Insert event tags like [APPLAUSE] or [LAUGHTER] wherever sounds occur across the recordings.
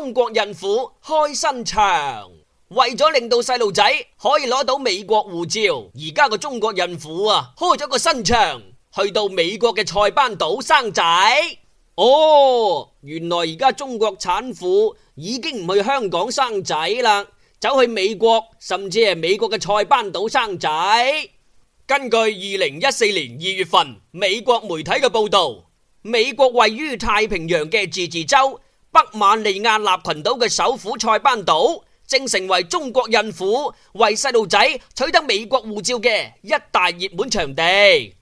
中國孕婦開新場，為咗令到細路仔可以攞到美國護照，而家個中國孕婦啊開咗個新場，去到美國嘅塞班島生仔。哦，原來而家中國產婦已經唔去香港生仔啦，走去美國，甚至係美國嘅塞班島生仔。根據二零一四年二月份美國媒體嘅報道，美國位於太平洋嘅自治州。北馬里亞納群島嘅首府塞班島正成為中國孕婦為細路仔取得美國護照嘅一大熱門場地。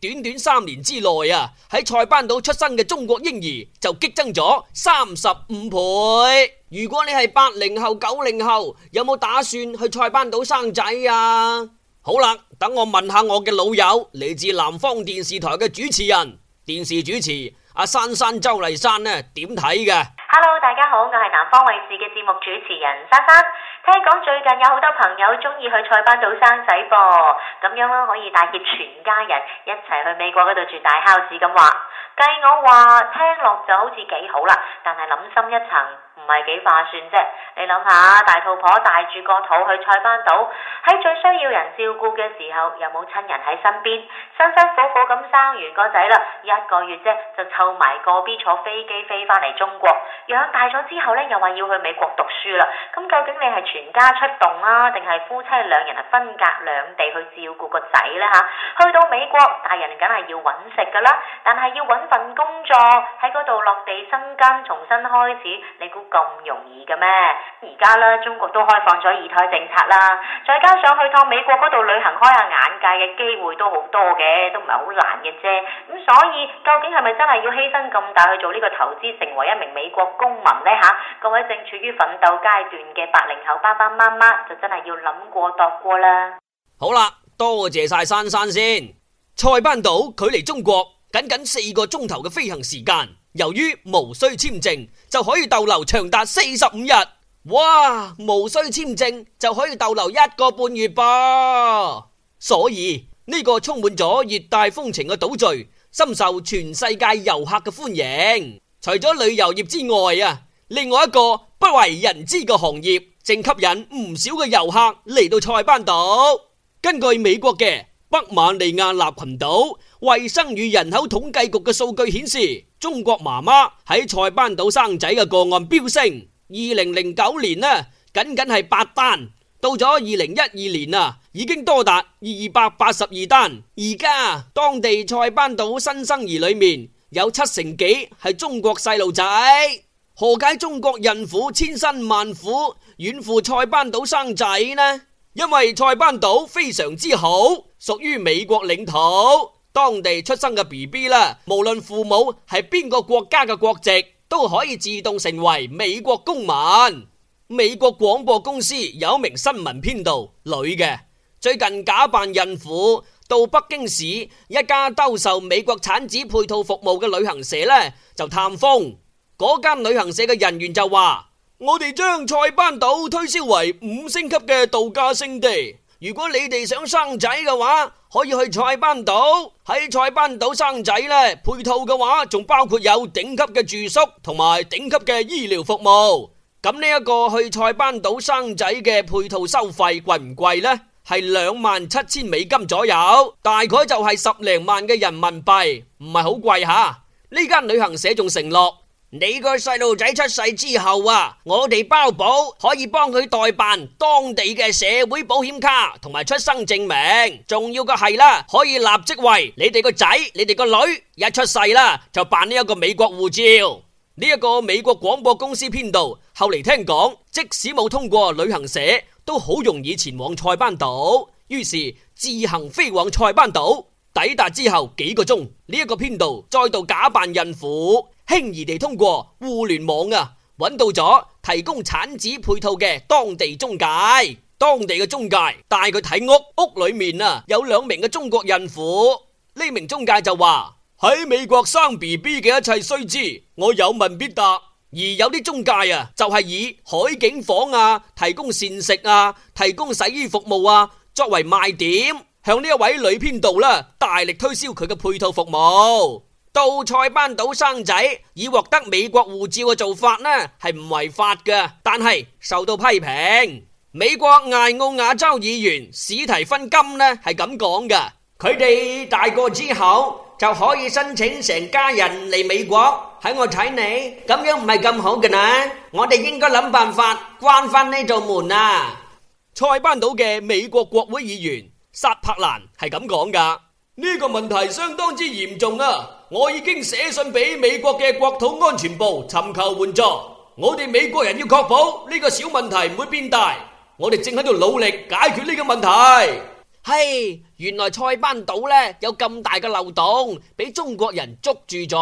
短短三年之內啊，喺塞班島出生嘅中國嬰兒就激增咗三十五倍。如果你係八零後九零後，有冇打算去塞班島生仔啊？好啦，等我問下我嘅老友，嚟自南方電視台嘅主持人，電視主持。阿、啊、珊珊、周麗珊呢？點睇㗎？Hello，大家好，我係南方衛視嘅節目主持人珊珊。聽講最近有好多朋友鍾意去塞班島生仔噃，咁樣咯，可以帶住全家人一齊去美國嗰度住大 house。u s 咁話。計我話聽落就好似幾好啦，但係諗深一層唔係幾划算啫。你諗下，大肚婆帶住個肚去塞班島，喺最需要人照顧嘅時候又冇親人喺身邊，辛辛苦苦咁生完個仔啦，一個月啫就湊埋個 B 坐飛機飛翻嚟中國，養大咗之後呢，又話要去美國讀書啦。咁究竟你係全家出動啊，定係夫妻兩人係分隔兩地去照顧個仔呢？嚇？去到美國，大人梗係要揾食噶啦，但係要揾。份工作喺嗰度落地生根，重新開始，你估咁容易嘅咩？而家咧，中國都開放咗二胎政策啦，再加上去趟美國嗰度旅行開下眼界嘅機會都好多嘅，都唔係好難嘅啫。咁所以，究竟係咪真係要犧牲咁大去做呢個投資，成為一名美國公民咧？吓，各位正處於奮鬥階段嘅八零後爸爸媽媽，就真係要諗過度過啦。好啦，多謝晒珊珊先。塞班島距離中國。僅僅四個鐘頭嘅飛行時間，由於無需簽證就可以逗留長達四十五日。哇，無需簽證就可以逗留一個半月噃！所以呢個充滿咗熱帶風情嘅島嶼，深受全世界遊客嘅歡迎。除咗旅遊業之外啊，另外一個不為人知嘅行業正吸引唔少嘅遊客嚟到塞班島。根據美國嘅北馬里亞納群島。衛生與人口統計局嘅數據顯示，中國媽媽喺塞班島生仔嘅個案飆升2009年呢，僅僅係八單，到咗2012年啊，已經多達282單。而家當地塞班島新生兒裡面有七成幾係中國細路仔。何解中國孕婦千辛萬苦遠赴塞班島生仔呢？因為塞班島非常之好，屬於美國領土，當地出生嘅 BB 啦，無論父母係邊個國家嘅國籍，都可以自動成為美國公民。美國廣播公司有一名新聞編導，女嘅，最近假扮孕婦到北京市一家兜售美國產子配套服務嘅旅行社呢，就探風。嗰間旅行社嘅人員就話：「我哋將塞班島推銷為五星級嘅度假勝地。如果你哋想生仔嘅話，可以去塞班島。喺塞班島生仔呢，配套嘅話仲包括有頂級嘅住宿同埋頂級嘅醫療服務。咁呢一個去塞班島生仔嘅配套收費貴唔貴呢？係兩萬七千美金左右，大概就係十零萬嘅人民幣，唔係好貴吓。呢間旅行社仲承諾。你個細路仔出世之後啊，我哋包保可以幫佢代辦當地嘅社會保險卡同埋出生證明。重要嘅係啦，可以立即為你哋個仔、你哋個女一出世啦，就辦呢一個美國護照。呢一個美國廣播公司編導後嚟，聽講即使冇通過旅行社，都好容易前往塞班島。於是自行飛往塞班島，抵達之後幾個鐘，呢一個編導再度假扮孕婦。輕易地通過互聯網啊，揾到咗提供產子配套嘅當地中介。當地嘅中介帶佢睇屋，屋裏面啊有兩名嘅中國孕婦。呢名中介就話：「喺美國生 BB 嘅一切須知，我有問必答。」而有啲中介啊，就係以海景房啊、提供膳食啊、提供洗衣服務啊作為賣點，向呢一位女編導啦，大力推銷佢嘅配套服務。到塞班島生仔以獲得美國護照嘅做法呢，係唔違法嘅，但係受到批評。美國艾奧亞州議員史提芬金呢係咁講噶佢哋 [MUSIC] 大個之後就可以申請成家人嚟美國，喺我睇你咁樣唔係咁好嘅呢。我哋應該諗辦法關翻呢座門啊。塞班島嘅美國國會議員薩柏蘭係咁講噶呢 [MUSIC] 個問題相當之嚴重啊。我已經寫信俾美國嘅國土安全部尋求援助。我哋美國人要確保呢個小問題唔會變大。我哋正喺度努力解決呢個問題。嘿，原來塞班島呢有咁大嘅漏洞，俾中國人捉住咗。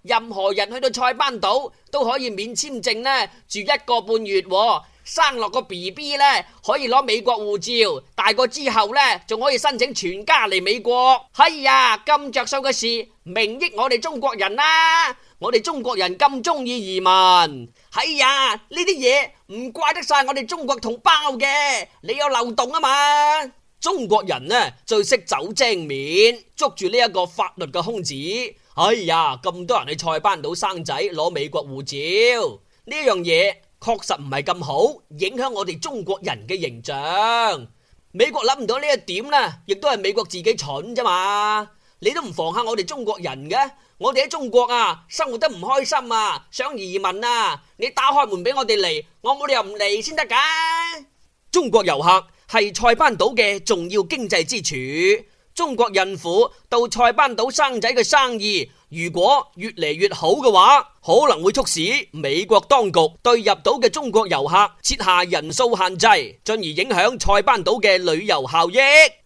任何人去到塞班島都可以免簽證呢，住一個半月喎。生落個 B B 呢，可以攞美國護照，大個之後呢，仲可以申請全家嚟美國。哎呀，咁着數嘅事，名益我哋中國人啦、啊！我哋中國人咁中意移民。哎呀，呢啲嘢唔怪得晒我哋中國同胞嘅，你有漏洞啊嘛！中國人呢最識走精面，捉住呢一個法律嘅空子。哎呀，咁多人去塞班島生仔攞美國護照呢樣嘢。確實唔係咁好，影響我哋中國人嘅形象。美國諗唔到呢一點呢，亦都係美國自己蠢啫嘛。你都唔防下我哋中國人嘅，我哋喺中國啊，生活得唔開心啊，想移民啊，你打開門俾我哋嚟，我冇理由唔嚟先得噶。中國遊客係塞班島嘅重要經濟支柱，中國孕婦到塞班島生仔嘅生意，如果越嚟越好嘅話，可能會促使美國當局對入島嘅中國遊客設下人數限制，進而影響塞班島嘅旅遊效益。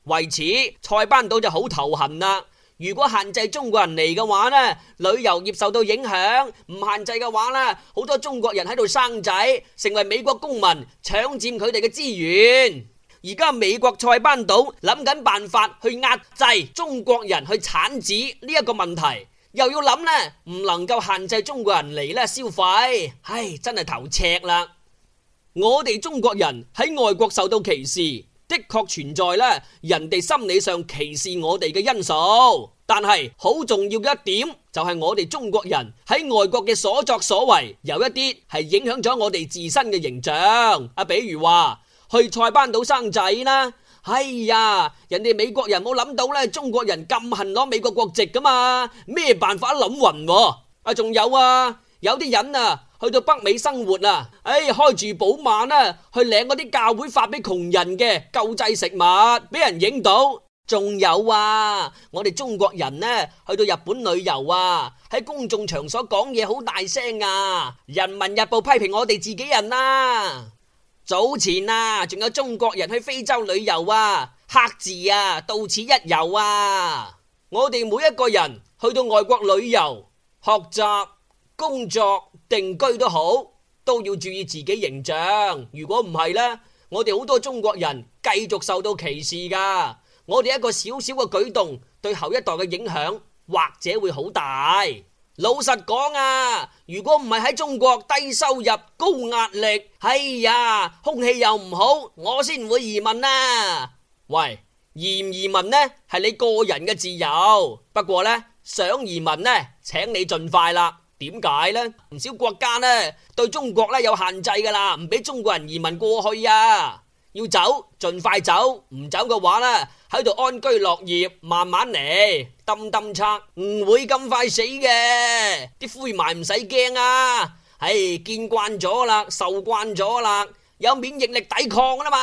為此，塞班島就好頭痕啦。如果限制中國人嚟嘅話呢，旅遊業受到影響；唔限制嘅話呢，好多中國人喺度生仔，成為美國公民，搶占佢哋嘅資源。而家美國塞班島諗緊辦法去壓制中國人去產子呢一個問題。又要諗呢，唔能夠限制中國人嚟呢消費，唉，真係頭赤啦！我哋中國人喺外國受到歧視，的確存在呢人哋心理上歧視我哋嘅因素。但係好重要嘅一點，就係我哋中國人喺外國嘅所作所為，有一啲係影響咗我哋自身嘅形象。啊，比如話去塞班島生仔啦。哎呀，人哋美國人冇諗到咧，中國人咁恨攞美國國籍噶嘛？咩辦法諗暈？啊，仲有啊，有啲人啊去到北美生活啊，哎，開住寶馬呢，去領嗰啲教會發俾窮人嘅救濟食物，俾人影到。仲有啊，我哋中國人呢，啊，去到日本旅遊啊，喺公眾場所講嘢好大聲啊，《人民日報》批評我哋自己人啊！早前啊，仲有中國人去非洲旅遊啊，黑字啊，到此一遊啊！我哋每一個人去到外國旅遊、學習、工作、定居都好，都要注意自己形象。如果唔係呢，我哋好多中國人繼續受到歧視噶。我哋一個小小嘅舉動，對後一代嘅影響或者會好大。老實講啊，如果唔係喺中國低收入高壓力，哎呀，空氣又唔好，我先唔會移民啊。喂，移唔移民呢？係你個人嘅自由。不過呢，想移民呢，請你盡快啦。點解呢？唔少國家呢對中國呢有限制噶啦，唔俾中國人移民過去啊。要走，盡快走，唔走嘅話呢，喺度安居樂業，慢慢嚟。掟掟拆唔會咁快死嘅，啲灰霾唔使驚啊！唉，見慣咗啦，受慣咗啦，有免疫力抵抗啦嘛。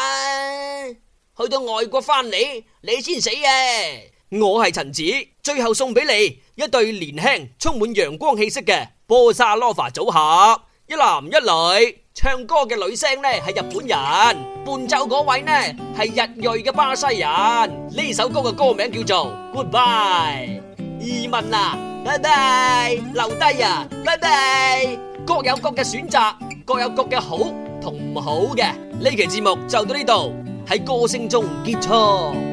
去到外國翻嚟，你先死嘅。我係陳子，最後送俾你一對年輕充滿陽光氣息嘅波沙羅法組合，一男一女。唱歌嘅女聲咧，係日本人，伴奏嗰位咧，係日裔嘅巴西人。呢首歌嘅歌名叫做 Goodbye。移民啊，拜拜，留低啊，拜拜，各有各嘅選擇，各有各嘅好同唔好嘅。呢期節目就到呢度，喺歌聲中結束。